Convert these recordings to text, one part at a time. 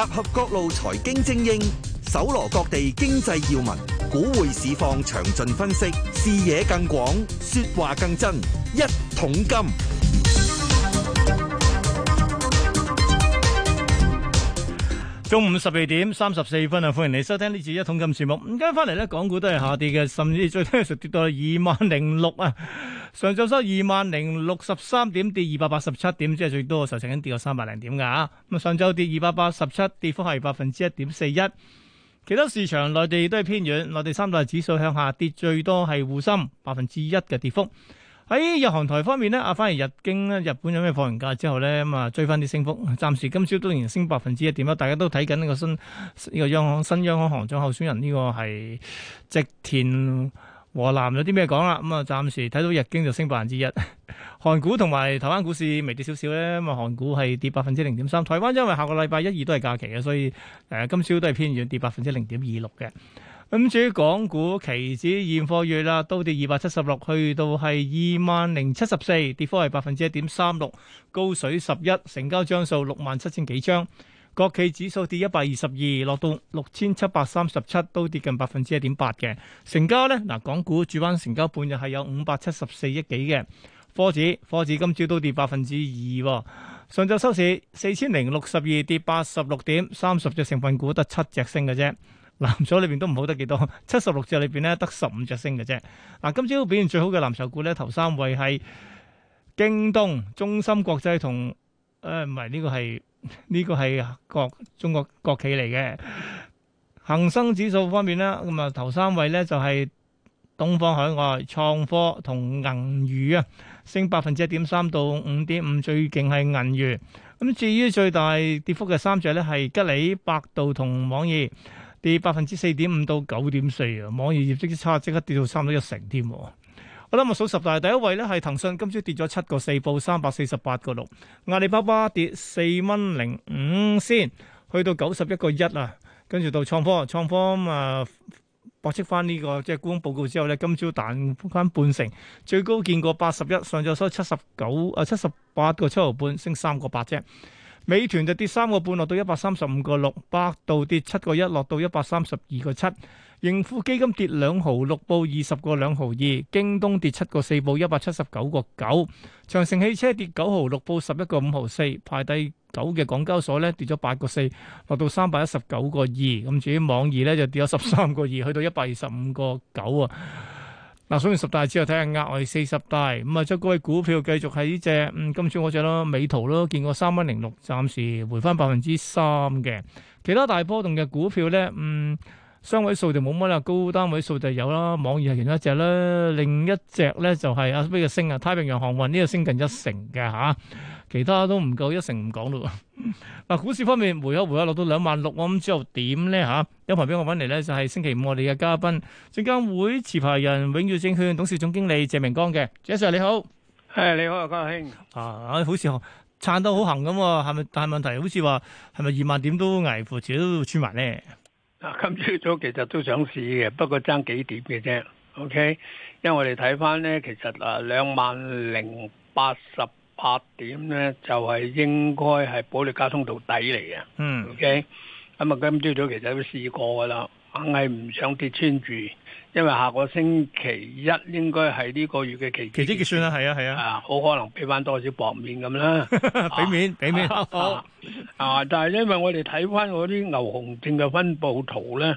集合各路財經精英，搜羅各地經濟要聞，股匯市況詳盡分析，視野更廣，說話更真。一桶金，中午十二點三十四分啊！歡迎你收聽呢次一桶金節目。而家翻嚟咧，港股都係下跌嘅，甚至最低時跌到二萬零六啊！上晝收二萬零六十三點，跌二百八十七點，即係最多嘅時候曾經跌過三百零點㗎。咁上晝跌二百八十七，跌幅係百分之一點四一。其他市場內地都係偏軟，內地三大指數向下跌，最多係滬深百分之一嘅跌幅。喺日韓台方面呢，啊，反而日經咧，日本有咩放完假之後呢？咁啊追翻啲升幅。暫時今朝都仍然升百分之一點啦。大家都睇緊呢個新呢個央行新央行行長候選人呢個係直田。華南有啲咩講啦？咁啊，暫時睇到日經就升百分之一，韓股同埋台灣股市微跌少少咧。咁啊，韓股係跌百分之零點三，台灣因為下個禮拜一二都係假期嘅，所以誒今朝都係偏遠跌百分之零點二六嘅。咁至於港股期指現貨月啦，都跌二百七十六，去到係二萬零七十四，跌幅係百分之一點三六，高水十一，成交張數六萬七千幾張。國企指數跌一百二十二，落到六千七百三十七，都跌近百分之一點八嘅。成交咧，嗱，港股主板成交半日係有五百七十四億幾嘅。科指科指今朝都跌百分之二。上晝收市四千零六十二，跌八十六點，三十隻成分股得七隻升嘅啫。藍籌裏邊都唔好得幾多，七十六隻裏邊咧得十五隻升嘅啫。嗱，今朝表現最好嘅藍籌股咧，頭三位係京東、中芯國際同誒，唔係呢個係。呢個係國中國國企嚟嘅恒生指數方面啦，咁啊頭三位咧就係東方海外、創科同銀娛啊，升百分之一點三到五點五，最勁係銀娛。咁至於最大跌幅嘅三隻咧係吉利、百度同網易，跌百分之四點五到九點四啊。網易業績差，即刻跌到差唔多一成添。我諗數十大第一位咧係騰訊，今朝跌咗七個四，報三百四十八個六。阿里巴巴跌四蚊零五先，去到九十一個一啊，跟住到創科，創科啊駁斥翻呢個即係官方報告之後咧，今朝彈翻半成，最高見過八十一，上咗收七十九啊，七十八個七毫半，升三個八啫。美團就跌三個半，落到一百三十五個六；百度跌七個一，落到一百三十二個七；盈富基金跌兩毫六，報二十個兩毫二；京東跌七個四，報一百七十九個九；長城汽車跌九毫六，報十一個五毫四；排第九嘅港交所呢，跌咗八個四，落到三百一十九個二。咁至於網易呢，就跌咗十三個二，去到一百二十五個九啊。嗱，數完十大之後，睇下，額外四十大，咁啊，將嗰位股票繼續喺呢隻嗯今次嗰隻咯，美圖咯，見過三蚊零六，暫時回翻百分之三嘅。其他大波動嘅股票咧，嗯，雙位數就冇乜啦，高單位數就有啦，網易係其中一隻啦，另一隻咧就係啊，比較升啊，太平洋航運呢個升近一成嘅嚇。其他都唔夠一成，唔講咯。嗱，股市方面，回下回下，落到兩萬六，我諗之後點咧吓，有排俾我揾嚟咧，就係、是、星期五我哋嘅嘉賓，證監會持牌人永業證券董事總經理謝明光嘅，謝 Sir 你好。係、哎、你好啊，江亞興。啊，好似撐到好行咁喎，係咪？但問題好似話係咪二萬點都危乎，遲啲都穿埋咧？啊，今朝早其實都想試嘅，不過爭幾點嘅啫。OK，因為我哋睇翻咧，其實啊兩萬零八十。八點咧就係、是、應該係保歷加通道底嚟嘅，嗯，O K，咁啊今朝早其實都試過噶啦，硬係唔想跌穿住，因為下個星期一應該係呢個月嘅期期指結算啦，係啊係啊，啊好、啊、可能俾翻多少薄面咁啦，俾 面俾面啊 啊，啊，但係因為我哋睇翻我啲牛熊證嘅分布圖咧，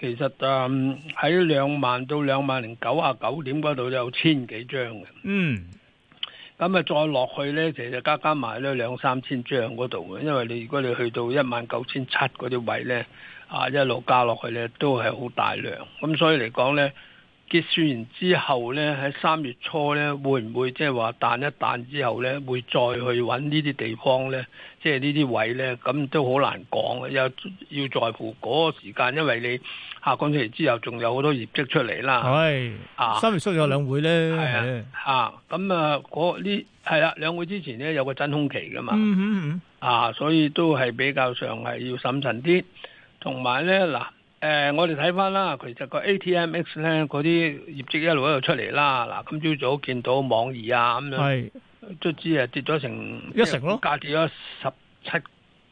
其實誒喺兩萬到兩萬零九啊九點嗰度有千幾張嘅，嗯。咁啊，再落去呢，其實加加埋呢兩三千張嗰度嘅，因為你如果你去到一萬九千七嗰啲位呢，啊一路加落去呢都係好大量，咁所以嚟講呢。結算完之後咧，喺三月初咧，會唔會即係話彈一彈之後咧，會再去揾呢啲地方咧，即係呢啲位咧，咁都好難講，又要在乎嗰個時間，因為你下個月初之後仲有好多業績出嚟啦，係、哎、啊，三月初有兩會咧，係啊，啊，咁啊，嗰啲係啦，兩、啊、會之前咧有個真空期噶嘛，嗯嗯，啊，所以都係比較上係要審慎啲，同埋咧嗱。誒，我哋睇翻啦，其實個 ATMX 咧嗰啲業績一路一路出嚟啦。嗱，今朝早見到網易啊，咁樣，係，卒之啊跌咗成一成咯，價跌咗十七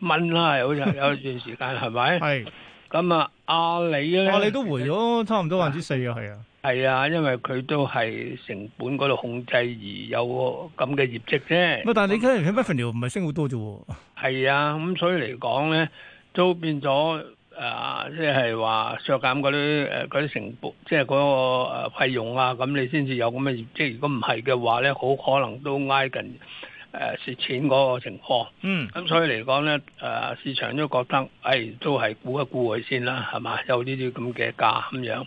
蚊啦，好似有段時間係咪？係。咁啊，阿里咧，阿里都回咗差唔多百分之四啊，係啊。係啊，因為佢都係成本嗰度控制而有咁嘅業績啫。唔係，但係你今日睇 Valuation 唔係升好多啫喎。係啊，咁所以嚟講咧，都變咗。誒，即係話削減嗰啲誒，嗰啲成本，即係嗰個誒費用啊，咁你先至有咁嘅業績。如果唔係嘅話咧，好可能都挨近誒蝕錢嗰個情況。嗯，咁所以嚟講咧，誒市場都覺得，誒都係估一估佢先啦，係嘛？有呢啲咁嘅價咁樣。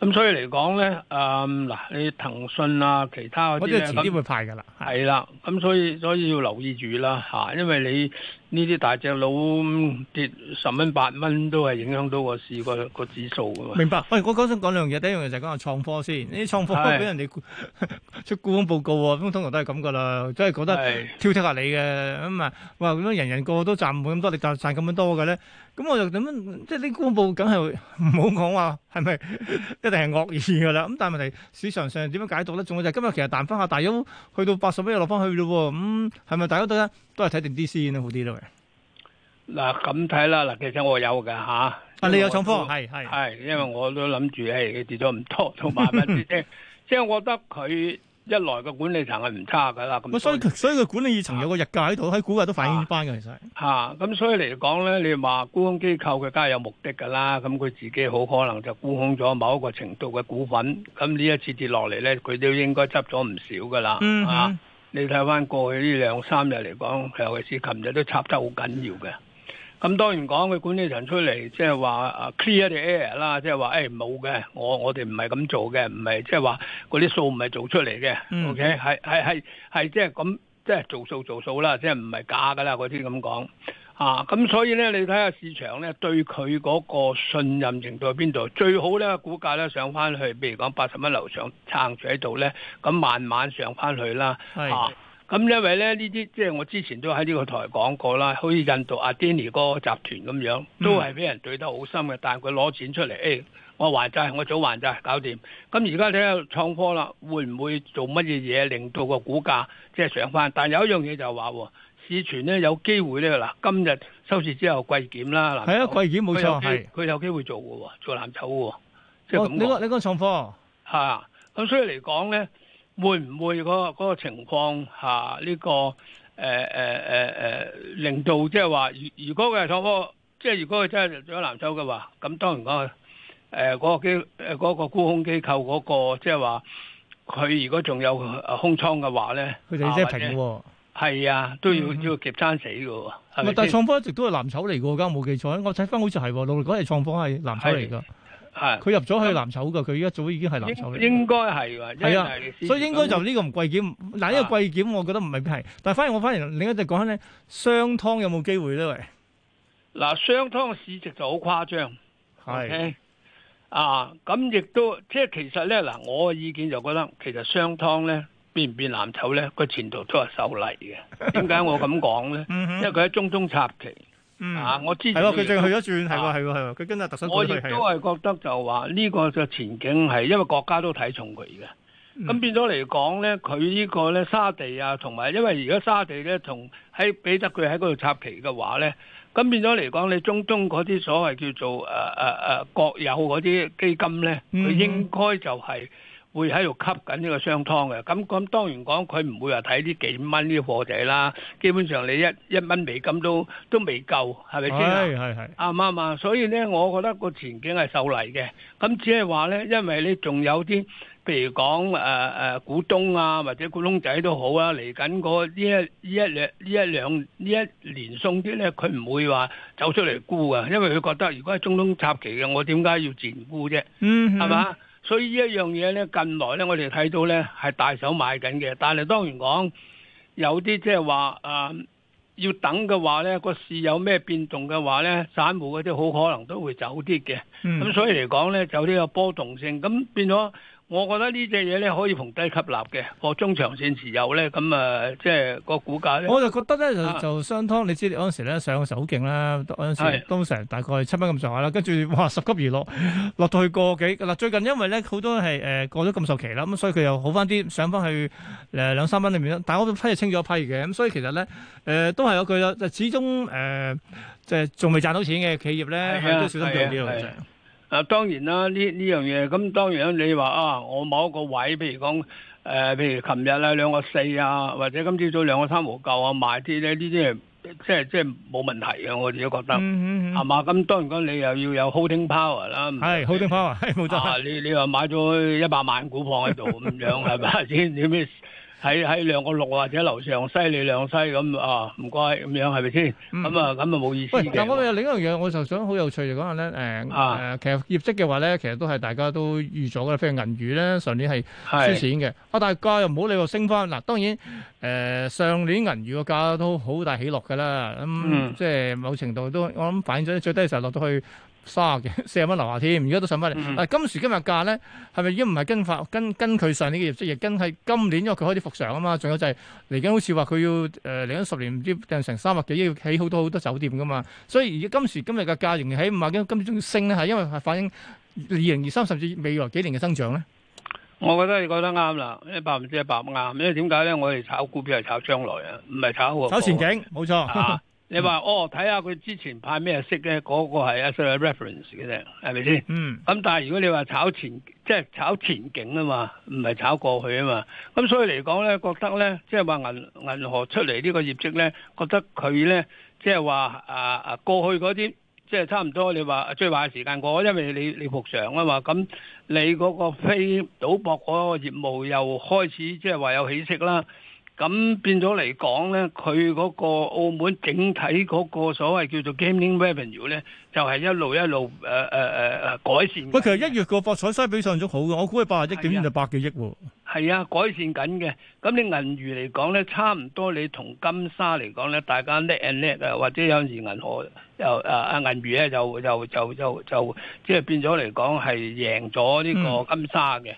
咁所以嚟講咧，誒嗱，你騰訊啊，其他嗰啲啊，咁。係啦，咁所以所以要留意住啦嚇，因為你呢啲大隻佬跌十蚊八蚊都係影響到我市個個指數噶嘛。明白，喂，我講想講兩樣嘢，第一樣嘢就係講下創科先，呢啲創科都俾人哋出顧問報告喎，咁通常都係咁噶啦，都係覺得挑剔下你嘅咁啊，話咁樣人人個個都賺唔到咁多，你賺賺咁樣多嘅咧，咁我就點樣即係呢啲公佈梗係唔好講話係咪一定係惡意噶啦？咁但係問題市場上點樣解讀咧？仲有就係今日其實彈翻下大優去到使乜又落翻去咯？咁係咪大家都都係睇定啲先咯，好啲咯。喂，嗱，咁睇啦。嗱，其實我有嘅嚇。啊，你有創科？係係係，因為我都諗住係跌咗唔多，同埋買翻啲啫。即係 我覺得佢。一來個管理層係唔差噶啦，咁，所以所以個管理層有個溢價喺度，喺股價都反映翻嘅其實。吓、啊，咁所以嚟講咧，你話沽空機構佢梗係有目的噶啦，咁佢自己好可能就沽空咗某一個程度嘅股份，咁呢一次跌落嚟咧，佢都應該執咗唔少噶啦，吓，你睇翻過去呢兩三日嚟講，尤其是琴日都插得好緊要嘅。咁當然講，佢管理層出嚟，即係話啊，clear the air 啦，即係話，誒冇嘅，我我哋唔係咁做嘅，唔係即係話嗰啲數唔係做出嚟嘅，OK，係係係係即係咁，即係做數做數啦，即係唔係假噶啦，嗰啲咁講啊。咁所以咧，你睇下市場咧對佢嗰個信任程度喺邊度？最好咧，股價咧上翻去，譬如講八十蚊樓上撐住喺度咧，咁慢慢上翻去啦。係、啊。Mm. 咁因為咧，呢啲即係我之前都喺呢個台講過啦，好似印度阿 Adani 個集團咁樣，都係俾人對得好深嘅，但佢攞錢出嚟，誒、哎，我還債，我早還債，搞掂。咁而家睇下創科啦，會唔會做乜嘢嘢令到個股價即係上翻？但有一樣嘢就話、是，市傳咧有機會咧，嗱，今日收市之後季檢啦，係啊，季有檢冇錯，係佢有，是有機會做嘅喎，做藍籌喎。即係咁你講、那個、你講創科係啊，咁所以嚟講咧。會唔會嗰個情況下呢，這個誒誒誒誒令到即係，就是，話，如如果佢係創科，即係如果佢真係做咗藍籌嘅話，咁當然講誒嗰個機誒嗰個沽空機構嗰個即係話，佢如果仲有空倉嘅話咧，佢哋即係停喎，係，哦，啊，都要都要夾親死嘅喎。唔，嗯嗯、吧但係創科一直都係藍籌嚟嘅，而家冇記錯，我睇翻好似係喎，如果係創科係藍籌嚟嘅。係佢入咗去藍籌噶，佢依家早已經係藍籌啦。應該係話係啊，所以應該就呢個唔貴檢嗱，呢個貴檢我覺得唔係，但係反而我反而另一隻講咧，商湯有冇機會咧？喂，嗱，商湯嘅市值就好誇張，係啊，咁亦都即係其實咧嗱，我嘅意見就覺得，其實商湯咧變唔變藍籌咧，個前途都係受累嘅。點解我咁講咧？因為佢喺中中插旗。嗯啊，我之前咯，佢最、啊、去咗轉，係喎，係佢跟阿特首。我亦都係覺得就話呢個嘅前景係，因為國家都睇重佢嘅。咁、嗯、變咗嚟講咧，佢呢個咧沙地啊，同埋因為而家沙地咧，同喺俾得佢喺嗰度插旗嘅話咧，咁變咗嚟講，你中東嗰啲所謂叫做誒誒誒國有嗰啲基金咧，佢應該就係、是。嗯會喺度吸緊呢個商湯嘅，咁咁當然講佢唔會話睇啲幾蚊呢啲貨仔啦。基本上你一一蚊美金都都未夠，係咪先？係係係啱唔啱？所以咧，我覺得個前景係秀麗嘅。咁只係話咧，因為你仲有啲，譬如講誒誒股東啊，或者股東仔都好啊，嚟緊嗰呢一呢一兩呢一兩呢一年送啲咧，佢唔會話走出嚟沽啊，因為佢覺得如果係中東插旗嘅，我點解要自然沽啫？嗯，係嘛？所以呢一樣嘢咧，近來咧，我哋睇到咧係大手買緊嘅，但係當然講有啲即係話啊，要等嘅話咧，個市有咩變動嘅話咧，散戶嗰啲好可能都會走啲嘅。咁、嗯、所以嚟講咧，就有呢個波動性，咁變咗。我覺得呢隻嘢咧可以逢低吸納嘅，個中長線持有咧，咁啊，即係個股價咧，我就覺得咧就就商湯，你知嗰陣時咧上嘅時候好勁啦，嗰陣時都成大概七蚊咁上下啦，跟住哇十級而落，落到去個幾嗱，最近因為咧好多係誒、呃、過咗咁受期啦，咁所以佢又好翻啲，上翻去誒兩三蚊裏面，但我都批清咗批嘅，咁所以其實咧誒、呃、都係有佢啦、呃，就始終誒即係仲未賺到錢嘅企業咧，啊、都小心做啲嘢。啊，當然啦，呢呢樣嘢咁當然你話啊，我某一個位，譬如講誒、呃，譬如琴日啊兩個四啊，或者今朝早兩個三毫九，啊，買啲咧，呢啲係即係即係冇問題嘅啊。我自己覺得係嘛？咁，嗯嗯啊啊，當然講你又要有 holding power 啦。係，哎啊，holding power 冇，哎，錯，啊。你你話買咗一百萬股放喺度咁樣係咪先？你咩？喺喺兩個六或者樓上犀利兩個西咁啊，唔該咁樣係咪先？咁啊咁啊冇意思。但我哋有另一樣嘢，我就想好有趣就講下咧。誒、呃、誒，啊、其實業績嘅話咧，其實都係大家都預咗嘅，譬如銀宇咧，上年係輸錢嘅。啊是，大家又唔好理佢升翻。嗱，當然誒、呃，上年銀宇個價都好大起落噶啦。咁、嗯嗯、即係某程度都，我諗反映咗最低嘅時候落到去。卅幾四十蚊樓下添，而家都上翻嚟。但係今時今日價咧，係咪已經唔係跟翻跟跟佢上年嘅業績，亦跟係今年，因為佢開始復常啊嘛。仲有就係嚟緊，好似話佢要誒嚟緊十年唔知定成三百幾億，要起好多好多酒店噶嘛。所以而家今時今日嘅價仍然喺五萬幾，今次仲升咧，係因為反映二零二三甚至未來幾年嘅增長咧。我覺得你覺得啱啦，因為百分之一百啱。因為點解咧？我哋炒股票係炒將來啊，唔係炒炒前景，冇錯。 你話、嗯、哦，睇下佢之前派咩息咧，嗰個係啊，作為 reference 嘅啫，係咪先？嗯。咁但係如果你話炒前，即係炒前景啊嘛，唔係炒過去啊嘛。咁所以嚟講咧，覺得咧，即係話銀銀河出嚟呢個業績咧，覺得佢咧，即係話啊啊過去嗰啲，即係差唔多。你話最壞時間過，因為你你復常啊嘛。咁你嗰個非賭博嗰個業務又開始，即係話有起色啦。咁變咗嚟講咧，佢嗰個澳門整體嗰個所謂叫做 gaming revenue 咧，就係一路一路誒誒誒誒改善。喂，其實一月個博彩西比上週好嘅，我估係八十億點先，就百幾億喎。係啊，改善緊嘅。咁你銀娛嚟講咧，差唔多你同金沙嚟講咧，大家 let and let 啊，或者有陣時銀河又啊啊銀娛咧，就就就就就即係變咗嚟講係贏咗呢個金沙嘅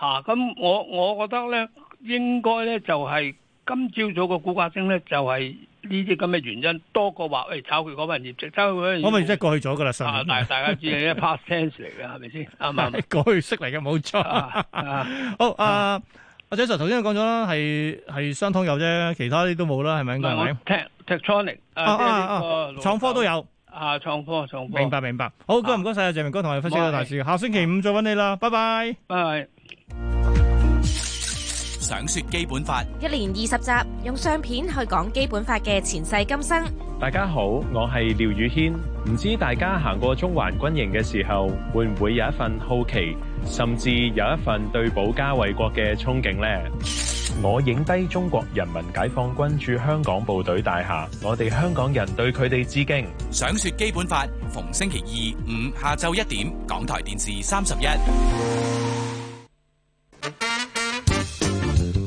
嚇。咁我我覺得咧，應該咧就係。今朝早個股價升咧，就係呢啲咁嘅原因多過話，誒炒佢嗰份業績。炒佢嗰份業績即係過去咗噶啦，十年。啊，但係大家知係 past tense 嚟嘅，係咪先？啊嘛，過去式嚟嘅冇錯。好，阿阿仔就頭先講咗啦，係係雙通有啫，其他啲都冇啦，係咪？應該係？Tech，Techtronic，啊啊啊，創科都有啊，創科創科。明白明白。好，唔該唔該曬啊，謝明哥同我哋分析啦，大叔。下星期五再揾你啦，拜拜。拜拜。想說基本法，一連二十集，用相片去講基本法嘅前世今生。大家好，我係廖宇軒。唔知大家行過中環軍營嘅時候，會唔會有一份好奇，甚至有一份對保家衛國嘅憧憬呢？我影低中國人民解放軍駐香港部隊大廈，我哋香港人對佢哋致敬。想說基本法，逢星期二五下晝一點，港台電視三十一。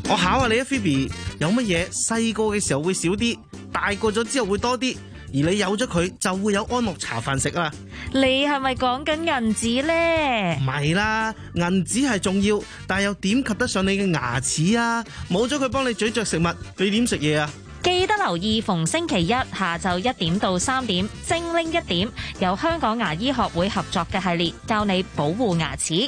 我考下你啊，Phoebe，有乜嘢細個嘅時候會少啲，大個咗之後會多啲，而你有咗佢就會有安樂茶飯食啦。你係咪講緊銀紙咧？唔係啦，銀紙係重要，但又點及得上你嘅牙齒啊？冇咗佢幫你咀嚼食物，你點食嘢啊？記得留意逢星期一下晝一點到三點，精靈一點，由香港牙醫學會合作嘅系列，教你保護牙齒。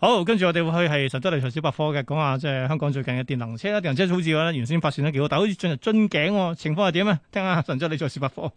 好，跟住我哋會去係神州理財小百科嘅，講下即係香港最近嘅電能車啦，電能車好似話原先發展得幾好，但係好似進入樽頸，哦、情況係點咧？聽下神州理財小百科。